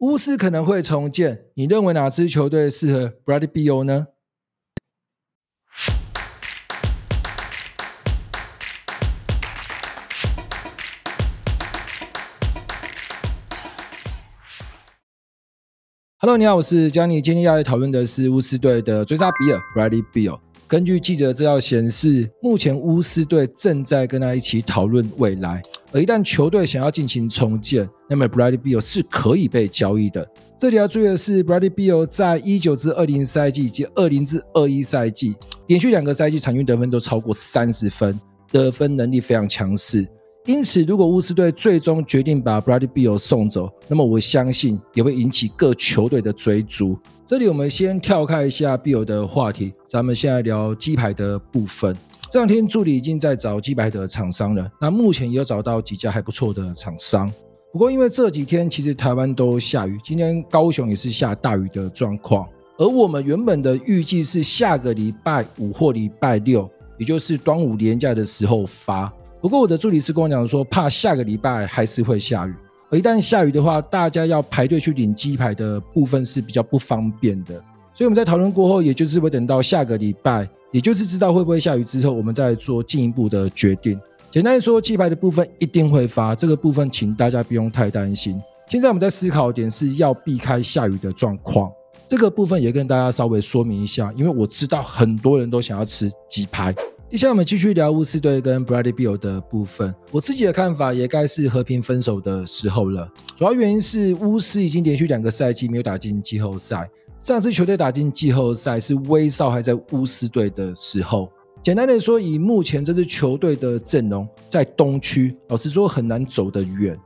巫師可能會重建，你認為哪支球隊適合 Bradley Beal 呢？Hello，你好，我是 Johnny，今天要來討論的是巫師隊的追殺比爾 Bradley Beal。根據記者資料顯示，目前巫師隊正在跟他一起討論未來。而一旦球隊想要進行重建，那麼 Bradley Beal 是可以被交易的。這裡要注意的是，Bradley Beal 在一九至二零賽季以及二零至二一賽季連續兩個賽季場均得分都超過三十分，得分能力非常強勢。因此，如果巫師隊最終決定把 Bradley Beal 送走，那麼我相信也會引起各球隊的追逐。這裡我們先跳開一下 Beal 的話題，咱們先來聊雞排的部分。這兩天助理已經在找雞排的廠商了，那目前也有找到幾家還不錯的廠商，不過因為這幾天其實台灣都下雨，今天高雄也是下大雨的狀況，而我們原本的預計是下個禮拜五或禮拜六，也就是端午連假的時候發，不過我的助理是跟我講說，怕下個禮拜還是會下雨，而一旦下雨的話，大家要排隊去領雞排的部分是比較不方便的。所以我們在討論過後，也就是會等到下個禮拜，也就是知道會不會下雨之後，我們再做進一步的決定。簡單的說，雞排的部分一定會發，這個部分請大家不用太擔心。現在我們在思考一點是要避開下雨的狀況，這個部分也跟大家稍微說明一下，因為我知道很多人都想要吃雞排。接下來我們繼續聊巫師隊跟 Bradley Beal 的部分。我自己的看法也該是和平分手的時候了，主要原因是巫師已經連續兩個賽季沒有打進季後賽。上次球隊打進季後賽是威少還在巫師隊的時候。簡單的說，以目前這支球隊的陣容，在東區，老實說很難走得遠。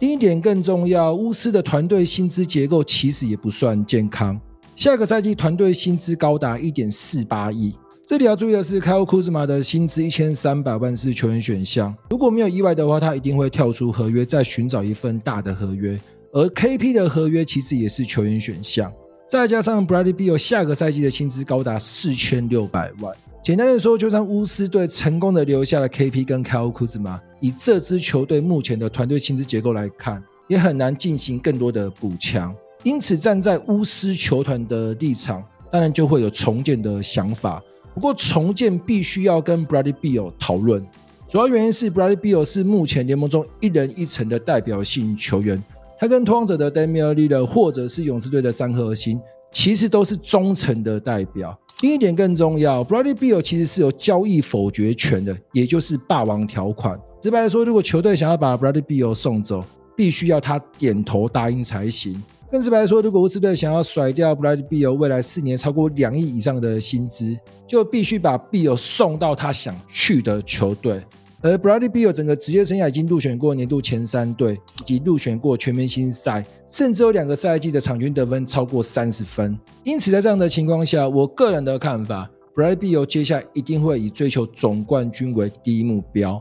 另一點更重要，巫師的團隊薪資結構其實也不算健康。下個賽季團隊薪資高達一點四八億。這裡要注意的是，Kyle Kuzma 的薪資一千三百萬是球員選項。如果沒有意外的話，他一定會跳出合約，再尋找一份大的合約。而 KP 的合約其實也是球員選項。再加上 Bradley Beal 下個賽季的薪資高達四千六百萬。簡單的說，就算巫師隊成功的留下了 KP 跟 Kyle Kuzma，以這支球隊目前的團隊薪資結構來看，也很難進行更多的補強。因此，站在巫師球團的立場，當然就會有重建的想法。不過，重建必須要跟 Bradley Beal 討論。主要原因是 Bradley Beal 是目前聯盟中一人一城的代表性球員。他跟拓荒者的 Damian Lillard 或者是勇士隊的三核心，其實都是忠誠的代表。另一點更重要，Bradley Beal 其實是有交易否決權的，也就是霸王條款。直白來說，如果球隊想要把 Bradley Beal 送走，必須要他點頭答應才行。更直白來說，如果巫師隊想要甩掉 Bradley Beal 未來四年超過兩億以上的薪資，就必須把 Beal 送到他想去的球隊。而 Bradley Beal 整個職業生涯已經入選過年度前三隊，以及入選過全明星賽，甚至有兩個賽季的場均得分超過三十分。因此，在這樣的情況下，我個人的看法，Bradley Beal 接下來一定會以追求總冠軍為第一目標。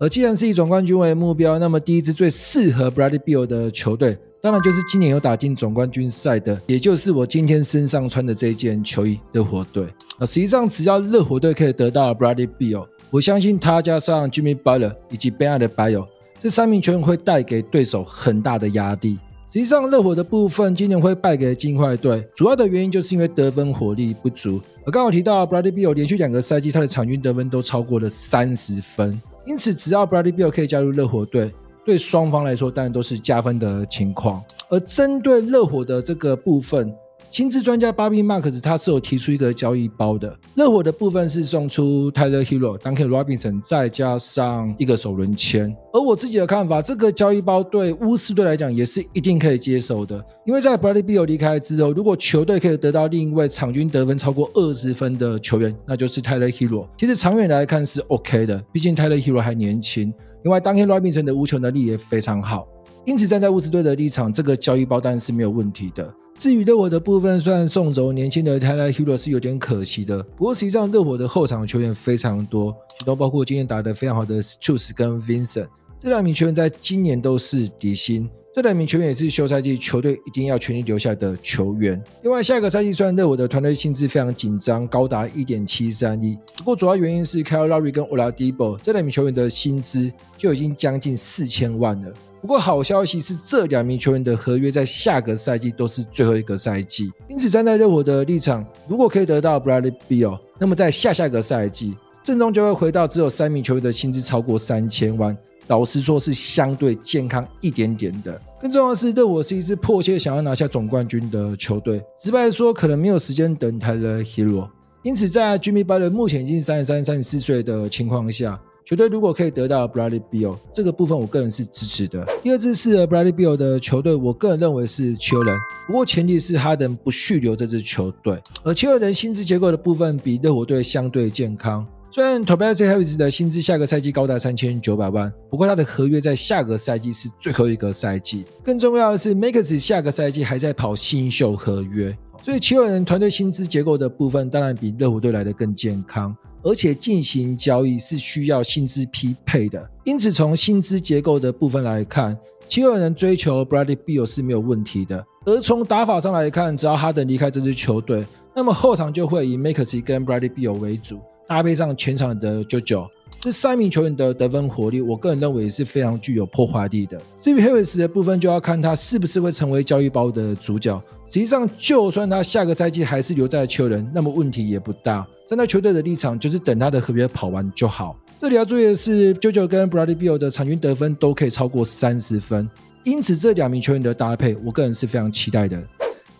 而既然是以總冠軍為目標，那麼第一支最適合 Bradley Beal 的球隊，當然就是今年有打進總冠軍賽的，也就是我今天身上穿的這一件球衣熱火隊。那實際上，只要熱火隊可以得到 Bradley Beal，我相信他加上 Jimmy Butler 以及 Bam Adebayo 這三名球員會帶給對手很大的壓力。實際上，熱火的部分今年會敗給金塊隊，主要的原因就是因為得分火力不足。而剛好提到 Bradley Beal 連續兩個賽季他的場均得分都超過了三十分。因此，只要 Bradley Beal 可以加入熱火隊，對雙方來說當然都是加分的情況。而針對熱火的這個部分，薪資專家 Bobby Marks 他是有提出一個交易包的，熱火的部分是送出 Tyler Hero、Duncan Robinson，再加上一個首輪簽。而我自己的看法，這個交易包對巫師隊來講也是一定可以接受的，因為在 Bradley Beal 離開之後，如果球隊可以得到另一位場均得分超過二十分的球員，那就是 Tyler Hero。其實長遠來看是 OK 的，畢竟 Tyler Hero 還年輕，另外 Duncan Robinson 的無球能力也非常好。因此，站在巫師隊的立場，這個交易包單是沒有問題的。至於熱火的部分，雖然送走年輕的 Tyler Herro 是有點可惜的。不過實際上，熱火的後場球員非常多，其中包括今天打得非常好的 Strus 跟 Vincent。這兩名球員在今年都是底薪，這兩名球員也是休賽季球隊一定要全力留下的球員。另外，下個賽季雖然熱火的團隊薪資非常緊張，高達一點七三億。不過，主要原因是 Kyle Lowry 跟 Oladipo 這兩名球員的薪資就已經將近四千萬了。不過，好消息是這兩名球員的合約在下個賽季都是最後一個賽季。因此，站在熱火的立場，如果可以得到 Bradley Beal，那麼在下下個賽季，陣中就會回到只有三名球員的薪資超過三千萬。老實說，是相對健康一點點的。更重要的是，熱火是一支迫切想要拿下總冠軍的球隊。直白說，可能沒有時間等 Tyler Herro。因此，在 Jimmy Butler 目前已經三十三、三十四歲的情況下，球隊如果可以得到 Bradley Beal，這個部分我個人是支持的。第二支是 Bradley Beal 的球隊，我個人認為是湖人。不過前提是哈登不續留這支球隊，而湖人薪資結構的部分比熱火隊相對健康。雖然 Tobias Harris 的薪資下個賽季高達三千九百萬，不過他的合約在下個賽季是最後一個賽季。更重要的是，Maxey 下個賽季還在跑新秀合約，所以76人團隊薪資結構的部分當然比熱火隊來的更健康。而且進行交易，是需要薪資匹配的，因此從薪資結構的部分來看，76人追求 Bradley Beal 是沒有問題的。而從打法上來看，只要哈登離開這支球隊，那麼後場就會以 Maxey 跟 Bradley Beal 為主。搭配上全場的 Jojo，這三名球員的得分火力，我個人認為也是非常具有破壞力的。至於哈里斯的部分，就要看他是不是會成為交易包的主角。實際上，就算他下個賽季還是留在了球人，那麼問題也不大。站在球隊的立場，就是等他的合約跑完就好。這裡要注意的是，Jojo 跟 Bradley Beal 的場均得分都可以超過三十分，因此這兩名球員的搭配，我個人是非常期待的。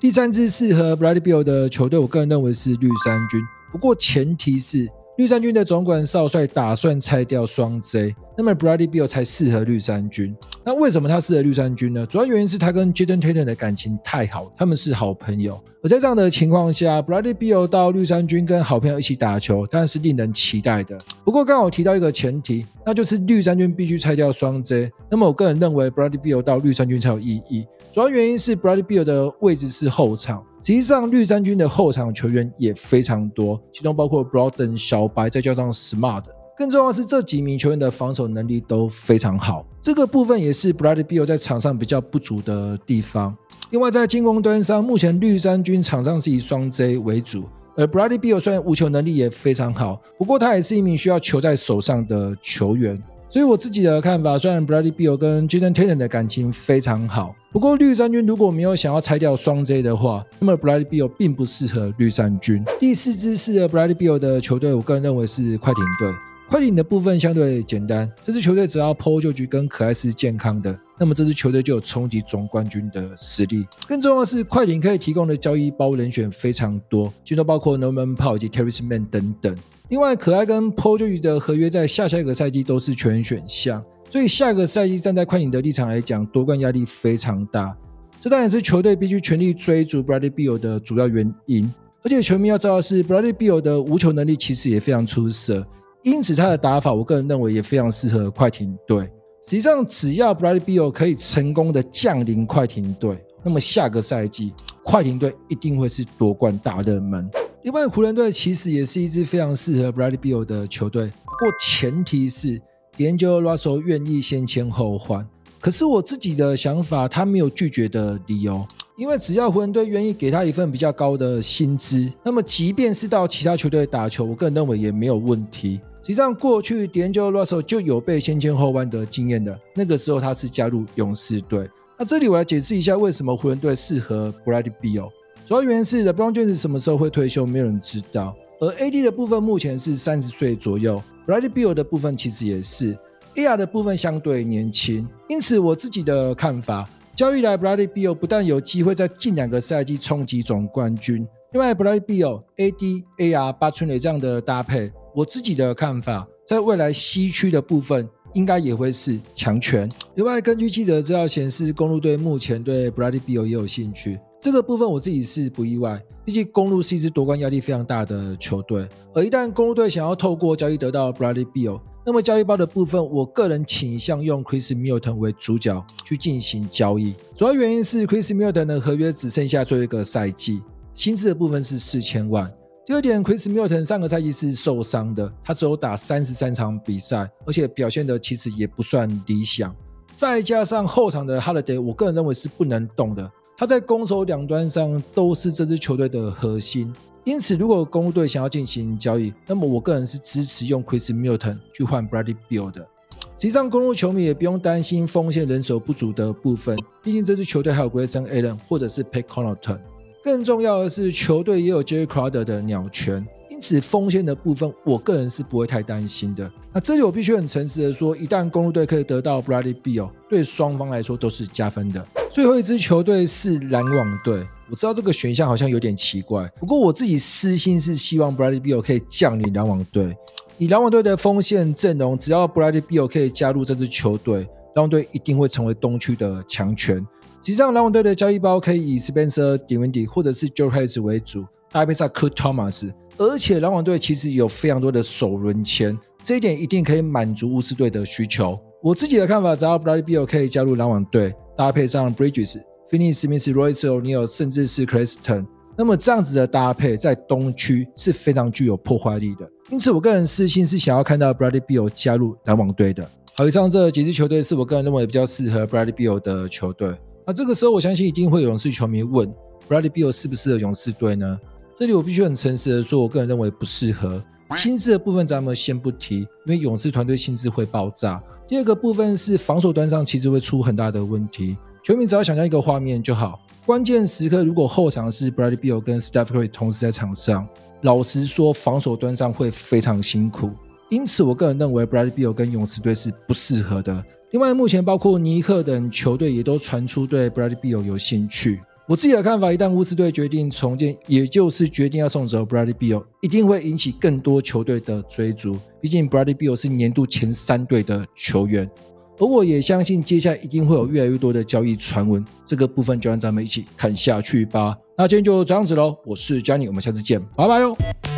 第三支適合 Bradley Beal 的球隊，我個人認為是綠衫軍。不過，前提是綠衫軍的總管少帥打算拆掉雙 J。那麼 Bradley Beal 才適合綠衫軍。那為什麼他適合綠衫軍呢？主要原因是他跟 Jayson Tatum 的感情太好，他們是好朋友。而在這樣的情況下，Bradley Beal 到綠衫軍跟好朋友一起打球，當然是令人期待的。不過，剛好提到一個前提，那就是綠衫軍必須拆掉雙 J。那麼，我個人認為 Bradley Beal 到綠衫軍才有意義。主要原因是 Bradley Beal 的位置是後場，實際上綠衫軍的後場球員也非常多，其中包括 Brogdon 小白，再加上 Smart。更重要的是這幾名球員的防守能力都非常好，這個部分也是 Bradley Beal 在場上比較不足的地方。另外在進攻端上，目前綠衫軍場上是以雙 J 為主，而 Bradley Beal 雖然無球能力也非常好，不過他也是一名需要球在手上的球員。所以我自己的看法，雖然 Bradley Beal 跟 Jayson Tatum 的感情非常好，不過綠衫軍如果沒有想要拆掉雙 J 的話，那麼 Bradley Beal 並不適合綠衫軍。第四支是 Bradley Beal 的球隊，我個人認為是快艇隊。快艇的部分相對簡單，這支球隊只要破救局跟可愛是健康的，那麼這支球隊就有衝擊總冠軍的實力。更重要的是，快艇可以提供的交易包人選非常多，其中包括 Norman Powell 及 Terance Mann 等等。另外，可愛跟破救局的合約在下下一個賽季都是全員選項，所以下一個賽季站在快艇的立場來講，奪冠壓力非常大。這當然是球隊必須全力追逐 Bradley Beal 的主要原因。而且，球迷要知道的是，Bradley Beal 的無球能力其實也非常出色。因此，他的打法我個人認為也非常適合快艇隊。實際上，只要 Bradley Beal 可以成功的降臨快艇隊，那麼下個賽季快艇隊一定會是奪冠大熱門。另外，湖人隊其實也是一支非常適合 Bradley Beal 的球隊。不過，前提是典獄 Russell 願意先簽後換。可是，我自己的想法，他沒有拒絕的理由，因為只要湖人隊願意給他一份比較高的薪資，那麼即便是到其他球隊打球，我個人認為也沒有問題。實際上，過去 D'Angelo Russell 就有被先簽後換的經驗的。那個時候，他是加入勇士隊。那這裡我要解釋一下，為什麼湖人隊適合 Bradley Beal？主要原因是 LeBron James 什麼時候會退休，沒有人知道。而 AD 的部分目前是三十歲左右，Bradley Beal 的部分其實也是 AR 的部分相對年輕。因此，我自己的看法，交易來 Bradley Beal 不但有機會在近兩個賽季衝擊總冠軍，另外 Bradley Beal AD AR 八村壘這樣的搭配。我自己的看法，在未來西區的部分，應該也會是強權。另外，根據記者資料顯示，公鹿隊目前對 Bradley Beal 也有興趣。這個部分我自己是不意外，畢竟公鹿是一支奪冠壓力非常大的球隊。而一旦公鹿隊想要透過交易得到 Bradley Beal，那麼交易包的部分，我個人傾向用 Khris Middleton 為主角去進行交易。主要原因是 Khris Middleton 的合約只剩下最後一個賽季，薪資的部分是四千萬。第二點，Khris Middleton 上個賽季是受傷的，他只有打三十三場比賽，而且表現得其實也不算理想。再加上後場的 Holiday，我個人認為是不能動的。他在攻守兩端上都是這支球隊的核心，因此如果公鹿隊想要進行交易，那麼我個人是支持用 Khris Middleton 去換 Bradley Beal 的。實際上，公鹿球迷也不用擔心鋒線人手不足的部分，畢竟這支球隊還有 Grayson Allen 或者是 Pat Connaughton 更重要的是，球隊也有 Jay Crowder 的鳥權，因此鋒線的部分，我個人是不會太擔心的。那這裡我必須很誠實的說，一旦公鹿隊可以得到 Bradley Beal，對雙方來說都是加分的。最後一支球隊是籃網隊，我知道這個選項好像有點奇怪，不過我自己私心是希望 Bradley Beal 可以降臨籃網隊。以籃網隊的鋒線陣容，只要 Bradley Beal 可以加入這支球隊，籃網隊一定會成為東區的強權。其實，籃網隊的交易包可以以 Spencer Dinwiddie 或者是 Joe Harris 為主，搭配上 Cam Thomas，而且籃網隊其實有非常多的首輪籤，這一點一定可以滿足巫師隊的需求。我自己的看法，只要 Bradley Beal 可以加入籃網隊，搭配上 Bridges、Finney-Smith、Royce O'Neale 甚至是 Claxton，那麼這樣子的搭配在東區是非常具有破壞力的。因此，我個人私心是想要看到 Bradley Beal 加入籃網隊的。好，以上這幾支球隊是我個人認為比較適合 Bradley Beal 的球隊。那、啊、這個時候，我相信一定會有勇士球迷問 Bradley Beal 適不適合勇士隊呢？這裡我必須很誠實的說，我個人認為不適合。薪資的部分咱們先不提，因為勇士團隊薪資會爆炸。第二個部分是防守端上，其實會出很大的問題。球迷只要想象一個畫面就好，關鍵時刻如果後場是 Bradley Beal 跟 Steph Curry 同時在場上，老實說，防守端上會非常辛苦。因此，我個人認為 Bradley Beal 跟勇士隊是不適合的。另外，目前包括尼克等球隊也都傳出對 Bradley Beal 有興趣。我自己的看法，一旦巫師隊決定重建，也就是決定要送走 Bradley Beal，一定會引起更多球隊的追逐。畢竟 Bradley Beal 是年度前三隊的球員，而我也相信，接下來一定會有越來越多的交易傳聞。這個部分就讓咱們一起看下去吧。那今天就這樣子嘍，我是 Johnny，我們下次見，拜拜喲。